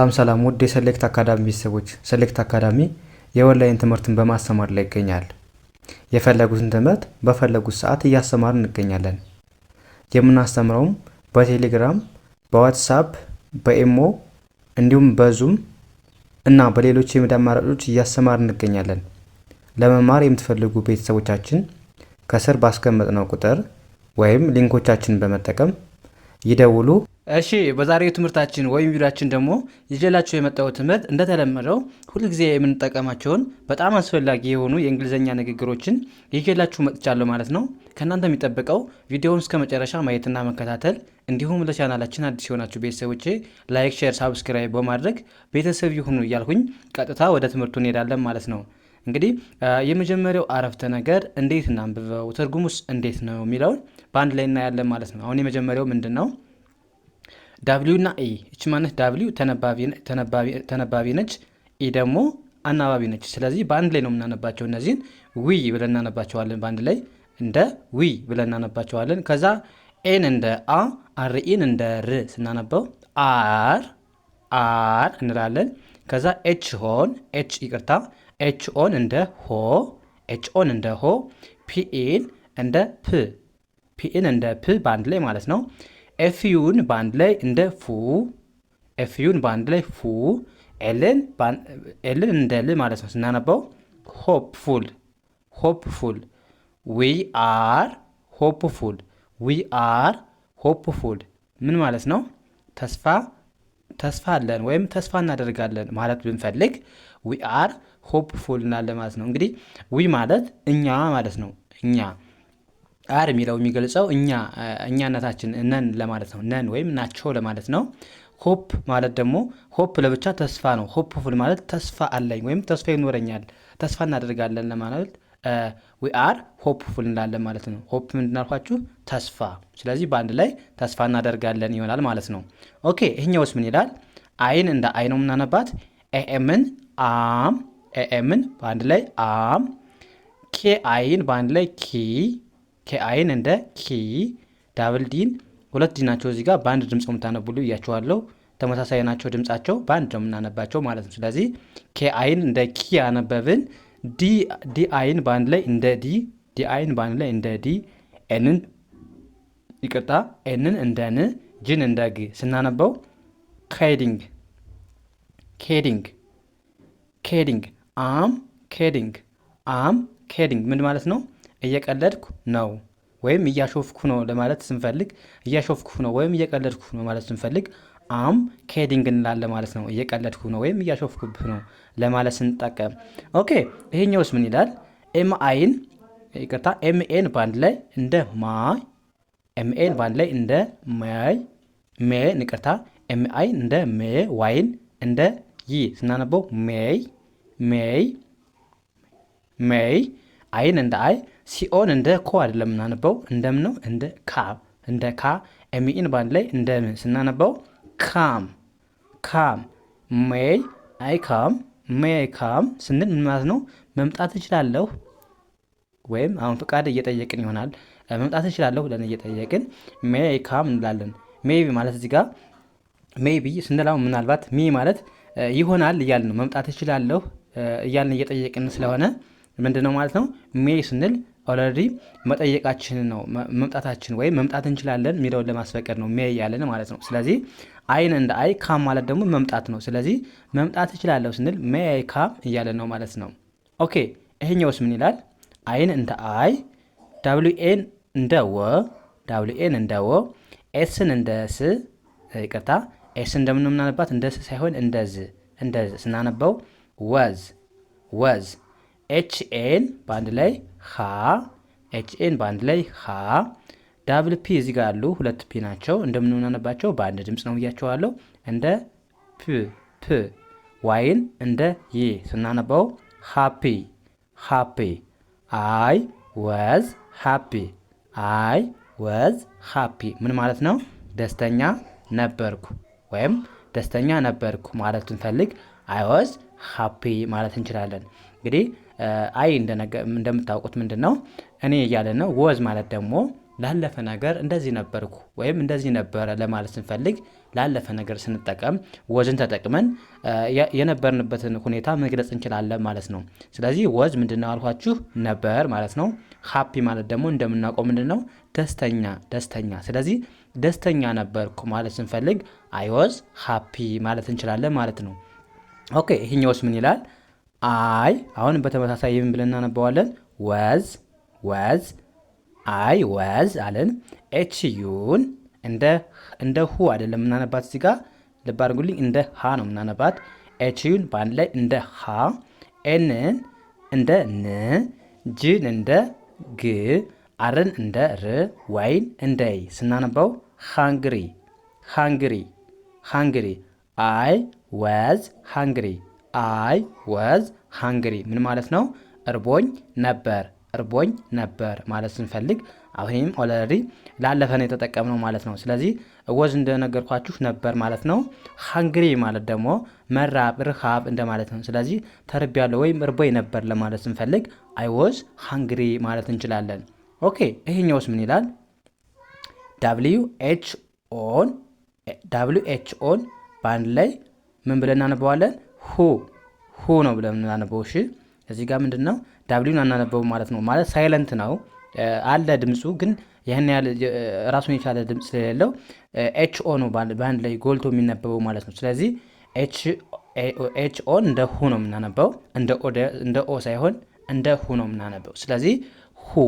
ሰላም ሰላም ውድ የሴሌክት አካዳሚ ቤተሰቦች፣ ሴሌክት አካዳሚ የኦንላይን ትምህርትን በማስተማር ላይ ይገኛል። የፈለጉትን ትምህርት በፈለጉት ሰዓት እያስተማር እንገኛለን። የምናስተምረውም በቴሌግራም፣ በዋትሳፕ፣ በኤሞ እንዲሁም በዙም እና በሌሎች የሚዲያ አማራጮች እያስተማር እንገኛለን። ለመማር የምትፈልጉ ቤተሰቦቻችን ከስር ባስቀመጥነው ቁጥር ወይም ሊንኮቻችንን በመጠቀም ይደውሉ። እሺ በዛሬው ትምህርታችን ወይም ቪዲዮችን ደግሞ ይዤላችሁ የመጣው ትምህርት እንደተለመደው ሁልጊዜ የምንጠቀማቸውን በጣም አስፈላጊ የሆኑ የእንግሊዝኛ ንግግሮችን ይዤላችሁ መጥቻለሁ ማለት ነው። ከእናንተ የሚጠበቀው ቪዲዮውን እስከ መጨረሻ ማየትና መከታተል እንዲሁም ለቻናላችን አዲስ የሆናችሁ ቤተሰቦቼ ላይክ፣ ሼር፣ ሳብስክራይብ በማድረግ ቤተሰብ ይሁኑ እያልኩኝ ቀጥታ ወደ ትምህርቱ እንሄዳለን ማለት ነው። እንግዲህ የመጀመሪያው አረፍተ ነገር እንዴት እናንብበው፣ ትርጉሙስ እንዴት ነው የሚለውን በአንድ ላይ እናያለን ማለት ነው። አሁን የመጀመሪያው ምንድን ነው? ዳብሊው እና ኤ እች ማለት ዳብሊዩ ተነባቢ ነች፣ ኤ ደግሞ አናባቢ ነች። ስለዚህ በአንድ ላይ ነው የምናነባቸው። እነዚህን ዊ ብለን እናነባቸዋለን። በአንድ ላይ እንደ ዊ ብለን እናነባቸዋለን። ከዛ ኤን እንደ አ፣ አር እንደ ር ስናነበው አር አር እንላለን። ከዛ ኤች ሆን ኤች ይቅርታ፣ ኤች ኦን እንደ ሆ፣ ኤች ኦን እንደ ሆ፣ ፒኤን እንደ ፕ፣ ፒኤን እንደ ፕ በአንድ ላይ ማለት ነው። ኤፍዩን በአንድ ላይ እንደ ፉ ኤፍዩን በአንድ ላይ ፉ ኤልን እንደ ል ማለት ነው ስናነባው ሆፕፉል ሆፕፉል ዊ አር ሆፕፉል ዊ አር ሆፕፉል ምን ማለት ነው? ተስፋ ተስፋ አለን ወይም ተስፋ እናደርጋለን ማለት ብንፈልግ ዊ አር ሆፕፉል እናለ ማለት ነው። እንግዲህ ዊ ማለት እኛ ማለት ነው እኛ አር የሚለው የሚገልጸው እኛ እኛነታችን ነን ለማለት ነው። ነን ወይም ናቸው ለማለት ነው። ሆፕ ማለት ደግሞ ሆፕ ለብቻ ተስፋ ነው። ሆፕፉል ማለት ተስፋ አለኝ ወይም ተስፋ ይኖረኛል፣ ተስፋ እናደርጋለን ለማለት ዊ አር ሆፕ እንላለን ማለት ነው። ሆፕ ምንድን አልኳችሁ? ተስፋ። ስለዚህ በአንድ ላይ ተስፋ እናደርጋለን ይሆናል ማለት ነው። ኦኬ ይህኛውስ ምን ይላል? አይን እንደ አይ ነው የምናነባት። ኤኤምን አም ኤኤምን በአንድ ላይ አም ኬ አይን በአንድ ላይ ኪ ኬአይን እንደ ኪ ዳብል ዲን ሁለት ዲ ናቸው እዚህ ጋር በአንድ ድምፅ የምታነቡሉ እያቸዋለሁ። ተመሳሳይ ናቸው ድምፃቸው በአንድ ነው የምናነባቸው ማለት ነው። ስለዚህ ኬ አይን እንደ ኪ ያነበብን፣ ዲ አይን በአንድ ላይ እንደ ዲ፣ ዲ አይን በአንድ ላይ እንደ ዲ፣ ኤንን ይቅርታ፣ ኤንን እንደ ን፣ ጅን እንደ ግ ስናነበው ኬዲንግ ኬዲንግ ኬዲንግ አም ኬዲንግ አም ኬዲንግ ምን ማለት ነው? እየቀለድኩ ነው ወይም እያሾፍኩ ነው ለማለት ስንፈልግ እያሾፍኩ ነው ወይም እየቀለድኩ ነው ማለት ስንፈልግ አም ኬዲንግ እንላለ ማለት ነው። እየቀለድኩ ነው ወይም እያሾፍኩብህ ነው ለማለት ስንጠቀም። ኦኬ ይሄኛውስ ምን ይላል? ኤም አይን ይቅርታ፣ ኤምኤን ባንድ ላይ እንደ ማይ፣ ኤምኤን ባንድ ላይ እንደ ማይ፣ ሜ ይቅርታ፣ ኤምአይን እንደ ሜ፣ ዋይን እንደ ይ ስናነበው ሜይ፣ ሜይ፣ ሜይ፣ አይን እንደ አይ ሲኦን እንደ ኮ አይደለም የምናነበው፣ እንደም ነው እንደ ካ እንደ ካ ኤሚኢን ባንድ ላይ እንደ ምን ስናነበው ካም ካም ሜይ አይ ካም ሜይ አይ ካም ስንል ምን ማለት ነው? መምጣት እችላለሁ ወይም አሁን ፍቃድ እየጠየቅን ይሆናል። መምጣት እችላለሁ ብለን እየጠየቅን ሜይ አይ ካም እንላለን። ሜይቢ ማለት እዚህ ጋር ሜይቢ ቢ ስንላው ምናልባት ሚ ማለት ይሆናል እያልን ነው። መምጣት እችላለሁ እያልን እየጠየቅን ስለሆነ ምንድን ነው ማለት ነው ሜይ ስንል ኦልሬዲ መጠየቃችንን ነው መምጣታችን ወይም መምጣት እንችላለን የሚለውን ለማስፈቀድ ነው ሜይ ያለን ማለት ነው። ስለዚህ አይን እንደ አይ ካም ማለት ደግሞ መምጣት ነው። ስለዚህ መምጣት እችላለሁ ስንል ሜይ አይ ካም እያለን ነው ማለት ነው። ኦኬ ይሄኛውስ ምን ይላል? አይን እንደ አይ፣ ዳብሊው ኤን እንደ ወ፣ ዳብሊው ኤን እንደ ወ፣ ኤስን እንደ ስ፣ ይቅርታ ኤስ እንደምን ምናነባት እንደ ስ ሳይሆን እንደዝ እንደዝ ስናነበው ወዝ ወዝ ኤች ኤን በአንድ ላይ ሀ ኤች በአንድ ላይ ሀ ዳብል ፒ እዚህ ጋር አሉ። ሁለት ፒ ናቸው። እንደምንናነባቸው በአንድ ድምፅ ነው ብያቸዋለሁ። እንደ ፕ ፕ ዋይን እንደ ይ ስናነባው ሃፒ ሃፒ አይ ወዝ ሃፒ አይ ወዝ ሃፒ ምን ማለት ነው? ደስተኛ ነበርኩ ወይም ደስተኛ ነበርኩ ማለት ብንፈልግ አይ ወዝ ሃፒ ማለት እንችላለን እንግዲህ አይ እንደምታውቁት ምንድን ነው እኔ እያለ ነው። ወዝ ማለት ደግሞ ላለፈ ነገር እንደዚህ ነበርኩ ወይም እንደዚህ ነበረ ለማለት ስንፈልግ ላለፈ ነገር ስንጠቀም ወዝን ተጠቅመን የነበርንበትን ሁኔታ መግለጽ እንችላለን ማለት ነው። ስለዚህ ወዝ ምንድን ነው አልኳችሁ ነበር ማለት ነው። ሀፒ ማለት ደግሞ እንደምናውቀው ምንድን ነው ደስተኛ ደስተኛ። ስለዚህ ደስተኛ ነበርኩ ማለት ስንፈልግ አይወዝ ሀፒ ማለት እንችላለን ማለት ነው። ኦኬ ይህኛውስ ምን ይላል? አይ አሁን በተመሳሳይ ይህም ብለን እናነባዋለን። ወዝ ወዝ አይ ወዝ አለን። ኤች ዩን እንደ ሁ አይደለም የምናነባት እዚህ ጋር ልብ አድርጉልኝ፣ እንደ ሀ ነው የምናነባት። ኤች ዩን በአንድ ላይ እንደ ሀ፣ ኤንን እንደ ን፣ ጅን እንደ ግ፣ አርን እንደ ር፣ ወይን እንደ ይ ስናነባው ሃንግሪ ሃንግሪ ሃንግሪ አይ ወዝ ሃንግሪ አይ ወዝ ሃንግሪ ምን ማለት ነው? እርቦኝ ነበር እርቦኝ ነበር ማለት ስንፈልግ አሁንም ኦልሬዲ ላለፈ ነው የተጠቀምነው ማለት ነው። ስለዚህ ወዝ እንደነገርኳችሁ ነበር ማለት ነው። ሃንግሪ ማለት ደግሞ መራብ ርሃብ እንደማለት ነው። ስለዚህ ተርቤያለሁ ወይም እርቦኝ ነበር ለማለት ስንፈልግ አይ ወዝ ሃንግሪ ማለት እንችላለን። ኦኬ ይሄኛውስ ምን ይላል? ዳብሊው ኤች ኦን ኤች ኦን በአንድ ላይ ምን ብለን እናነበዋለን? ሁ ሁ ነው ብለን የምናነበው። እሺ እዚህ ጋር ምንድን ነው ዳብሊውን አናነበው ማለት ነው። ማለት ሳይለንት ነው አለ ድምፁ ግን ይህን ያህል ራሱን የቻለ ድምፅ ስለሌለው ኤች ኦ ነው በአንድ ላይ ጎልቶ የሚነበበው ማለት ነው። ስለዚህ ኤች ኦ እንደ ሁ ነው የምናነበው፣ እንደ ኦ ሳይሆን እንደ ሁ ነው የምናነበው። ስለዚህ ሁ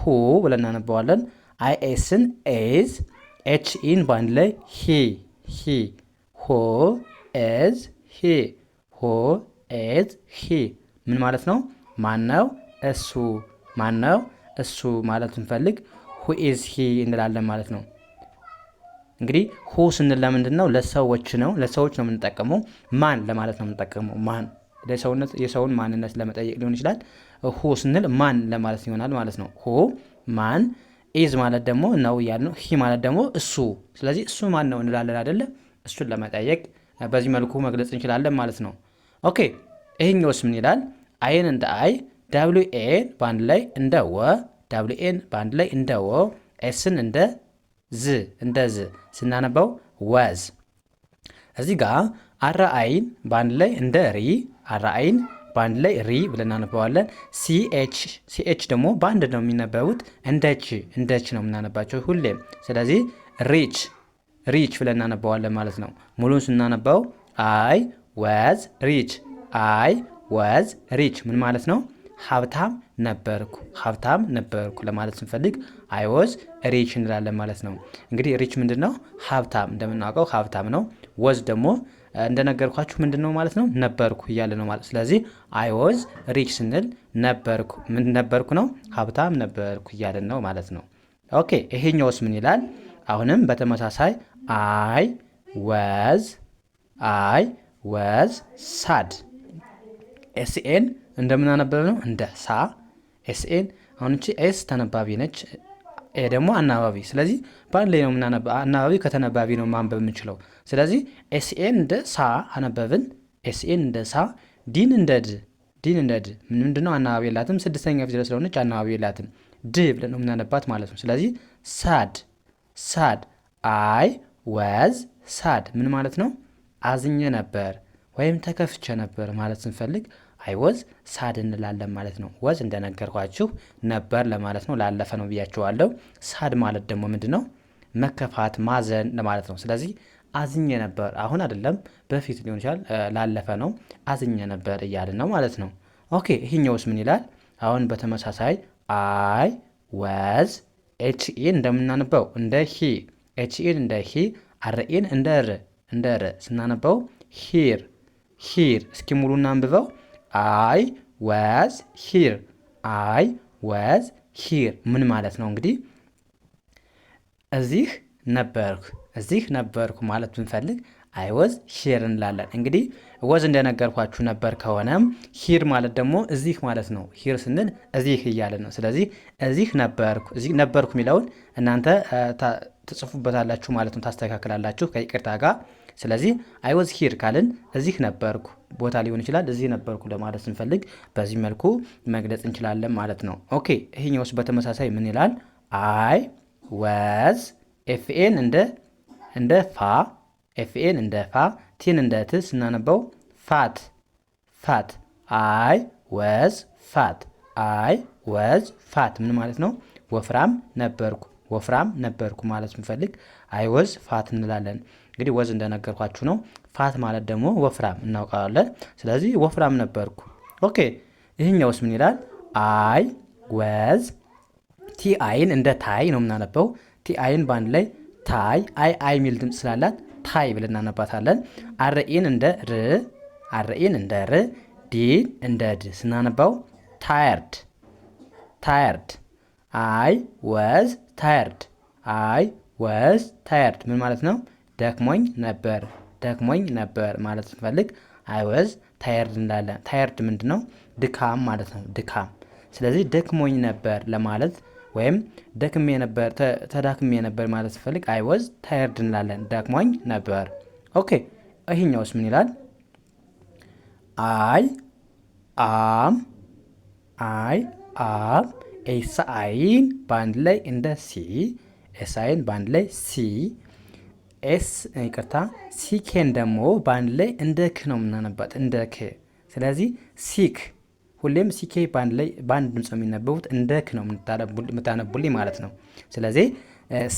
ሁ ብለን እናነበዋለን። አይ ኤስን ኤዝ ኤች ኢን በአንድ ላይ ሂ ሂ ሆ ኤዝ ሂ ሁ ኢዝ ሂ ምን ማለት ነው? ማን ማነው? እሱ። ነው? እሱ ማለት ስንፈልግ ሁ ኢዝ ሂ እንላለን ማለት ነው። እንግዲህ ሁ ስንል ለምንድን ነው? ለሰዎች ነው፣ ለሰዎች ነው የምንጠቀመው። ማን ለማለት ነው የምንጠቀመው። ማን ለሰውነት የሰውን ማንነት ለመጠየቅ ሊሆን ይችላል። ሁ ስንል ማን ለማለት ይሆናል ማለት ነው። ሁ ማን፣ ኢዝ ማለት ደግሞ ነው እያልን ነው፣ ሂ ማለት ደግሞ እሱ። ስለዚህ እሱ ማን ነው እንላለን አይደለ? እሱን ለመጠየቅ በዚህ መልኩ መግለጽ እንችላለን ማለት ነው። ኦኬ ይህኛውስ ምን ይላል? አይን እንደ አይ፣ ዳብሊው ኤን በአንድ ላይ እንደ ወ፣ ኤን በአንድ ላይ እንደ ወ፣ ኤስን እንደ ዝ እንደ ዝ ስናነበው ወዝ። እዚህ ጋር አራአይን በአንድ ላይ እንደ ሪ፣ አራአይን በአንድ ላይ ሪ ብለን እናነባዋለን። ሲኤች ሲኤች ደግሞ በአንድ ነው የሚነበቡት እንደች እንደች ነው የምናነባቸው ሁሌም። ስለዚህ ሪች ሪች ብለን እናነባዋለን ማለት ነው። ሙሉን ስናነባው አይ ወዝ ሪች፣ አይ ወዝ ሪች ምን ማለት ነው? ሀብታም ነበርኩ፣ ሀብታም ነበርኩ ለማለት ስንፈልግ አይ ወዝ ሪች እንላለን ማለት ነው። እንግዲህ ሪች ምንድን ነው? ሀብታም እንደምናውቀው ሀብታም ነው። ወዝ ደግሞ እንደነገርኳችሁ ምንድን ነው ማለት ነው? ነበርኩ እያለ ነው ማለት ስለዚህ አይ ወዝ ሪች ስንል ነበርኩ፣ ምን ነበርኩ ነው? ሀብታም ነበርኩ እያለን ነው ማለት ነው። ኦኬ ይሄኛውስ ምን ይላል? አሁንም በተመሳሳይ አይ ወዝ አይ ወዝ ሳድ ኤስኤን እንደምናነበብ ነው እንደ ሳ ኤስኤን። አሁን እቺ ኤስ ተነባቢ ነች፣ ኤ ደግሞ አናባቢ። ስለዚህ በአንድ ላይ ነው የምናነበብ። አናባቢ ከተነባቢ ነው ማንበብ የምንችለው። ስለዚህ ኤስኤን እንደ ሳ አነበብን። ኤስኤን እንደ ሳ፣ ዲን እንደ ድ ዲን እንደ ድ ምንድነው? አናባቢ የላትም። ስድስተኛ ፊደል ስለሆነች አናባቢ የላትም። ድ ብለን ነው የምናነባት ማለት ነው። ስለዚህ ሳድ ሳድ አይ ወዝ ሳድ ምን ማለት ነው? አዝኜ ነበር ወይም ተከፍቼ ነበር ማለት ስንፈልግ አይ ወዝ ሳድ እንላለን ማለት ነው። ወዝ እንደነገርኳችሁ ነበር ለማለት ነው። ላለፈ ነው ብያችኋለሁ። ሳድ ማለት ደግሞ ምንድን ነው? መከፋት፣ ማዘን ለማለት ነው። ስለዚህ አዝኜ ነበር አሁን አይደለም በፊት ሊሆን ይችላል። ላለፈ ነው አዝኜ ነበር እያልን ነው ማለት ነው። ኦኬ ይህኛውስ ምን ይላል? አሁን በተመሳሳይ አይ ወዝ ኤች ኢ እንደምናንበው እንደ ሂ ኤችኢን እንደ ሂ አርኢን እንደ ር እንደ ር ስናነበው ሂር ሂር። እስኪ ሙሉ እናንብበው። አይ ወዝ ሂር አይ ወዝ ሂር ምን ማለት ነው? እንግዲህ እዚህ ነበርኩ እዚህ ነበርኩ ማለት ብንፈልግ አይ ወዝ ሂር እንላለን። እንግዲህ ወዝ እንደነገርኳችሁ ነበር ከሆነም ሂር ማለት ደግሞ እዚህ ማለት ነው። ሂር ስንል እዚህ እያለ ነው። ስለዚህ እዚህ ነበርኩ እዚህ ነበርኩ የሚለውን እናንተ ትጽፉበታላችሁ ማለት ነው። ታስተካክላላችሁ ከይቅርታ ጋር። ስለዚህ አይወዝ ሂር ካልን እዚህ ነበርኩ ቦታ ሊሆን ይችላል። እዚህ ነበርኩ ለማለት ስንፈልግ በዚህ መልኩ መግለጽ እንችላለን ማለት ነው። ኦኬ ይሄኛውስ በተመሳሳይ ምን ይላል? አይ ወዝ ኤፍኤን እንደ እንደ ፋ ኤፍኤን እንደ ፋ ቲን እንደ ት ስናነበው ፋት ፋት አይ ወዝ ፋት አይ ወዝ ፋት ምን ማለት ነው? ወፍራም ነበርኩ ወፍራም ነበርኩ ማለት ምፈልግ አይ ወዝ ፋት እንላለን። እንግዲህ ወዝ እንደነገርኳችሁ ነው። ፋት ማለት ደግሞ ወፍራም እናውቃለን። ስለዚህ ወፍራም ነበርኩ። ኦኬ ይህኛውስ ምን ይላል? አይ ወዝ ቲአይን እንደ ታይ ነው የምናነበው። አይን በአንድ ላይ ታይ አይ አይ የሚል ድምፅ ስላላት ታይ ብለን እናነባታለን። አርኢን እንደ ር አርኢን እንደ ር ዲን እንደ ድ ስናነባው ታየርድ ታየርድ አይ ወዝ ታየርድ አይ ወዝ ታየርድ ምን ማለት ነው? ደክሞኝ ነበር ደክሞኝ ነበር ማለት ስንፈልግ አይ ወዝ ታየርድ እንላለን። ታየርድ ምንድን ነው? ድካም ማለት ነው። ድካም። ስለዚህ ደክሞኝ ነበር ለማለት ወይም ደክሜ ነበር፣ ተዳክሜ ነበር ማለት ስንፈልግ አይ ወዝ ታየርድ እንላለን። ደክሞኝ ነበር። ኦኬ ይሄኛውስ ምን ይላል? አይ አም አይ አም ኤስአይን በአንድ ላይ እንደ ሲ አይን በአንድ ላይ ሲ ኤስ ይቅርታ ሲኬን ደግሞ በአንድ ላይ እንደ ክ ነው የምናነባት እንደ ክ። ስለዚህ ሲክ ሁሌም ሲኬ በአንድ ላይ በአንድ ድምፅ የሚነበቡት እንደ ክ ነው የምታነቡልኝ ማለት ነው። ስለዚህ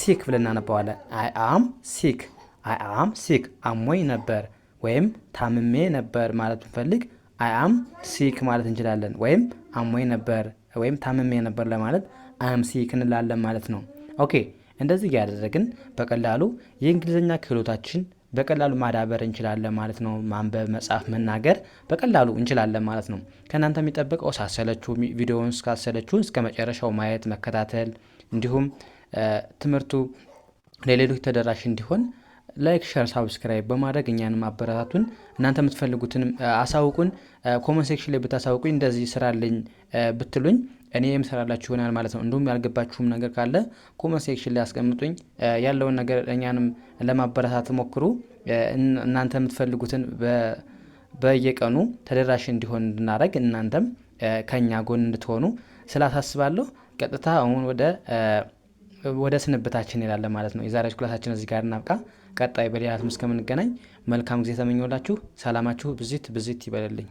ሲክ ብለን እናነባዋለን። አይ አም ሲክ፣ አይ አም ሲክ፣ አሞኝ ነበር ወይም ታምሜ ነበር ማለት ብንፈልግ አይ አም ሲክ ማለት እንችላለን። ወይም አሞኝ ነበር ወይም ታመሜ ነበር ለማለት አም ሲክ እንላለን ማለት ነው። ኦኬ እንደዚህ እያደረግን በቀላሉ የእንግሊዝኛ ክህሎታችን በቀላሉ ማዳበር እንችላለን ማለት ነው። ማንበብ፣ መጻፍ፣ መናገር በቀላሉ እንችላለን ማለት ነው። ከእናንተ የሚጠበቀው ሳሰለችሁ ቪዲዮውን እስካሰለችሁ እስከ መጨረሻው ማየት መከታተል፣ እንዲሁም ትምህርቱ ለሌሎች ተደራሽ እንዲሆን ላይክ፣ ሸር፣ ሳብስክራይብ በማድረግ እኛን ማበረታቱን እናንተ የምትፈልጉትን አሳውቁን። ኮመንት ሴክሽን ላይ ብታሳውቁኝ እንደዚህ ስራልኝ ብትሉኝ እኔ የምሰራላችሁ ይሆናል ማለት ነው። እንዲሁም ያልገባችሁም ነገር ካለ ኮመንት ሴክሽን ላይ አስቀምጡኝ። ያለውን ነገር እኛንም ለማበረታት ሞክሩ። እናንተ የምትፈልጉትን በየቀኑ ተደራሽ እንዲሆን እንድናደረግ እናንተም ከኛ ጎን እንድትሆኑ ስላሳስባለሁ። ቀጥታ አሁን ወደ ስንብታችን ይላለ ማለት ነው። የዛሬ ክላሳችን እዚህ ጋር እናብቃ። ቀጣይ በሌላ ትምህርት እስከምንገናኝ መልካም ጊዜ ተመኘሁላችሁ። ሰላማችሁ ብዝት ብዝት ይበለልኝ።